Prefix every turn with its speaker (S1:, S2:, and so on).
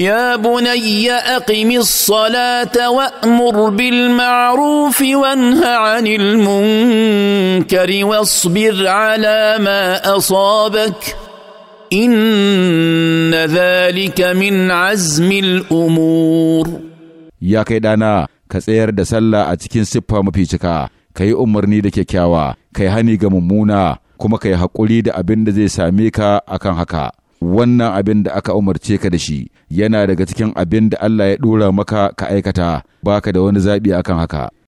S1: يا بني اقم الصلاه وامر بالمعروف وانه عن المنكر واصبر على ما اصابك ان ذلك من
S2: عزم الامور
S3: يا كيدانا ka tsayar da sallah a cikin siffa mafi cika ka yi umarni da kyakkyawa ka hani ga mummuna kuma ka yi haƙuri da abin da zai same ka akan haka wannan abin da aka umarce ka da shi yana daga cikin abin da Allah ya ɗora maka ka aikata baka da wani zaɓi akan haka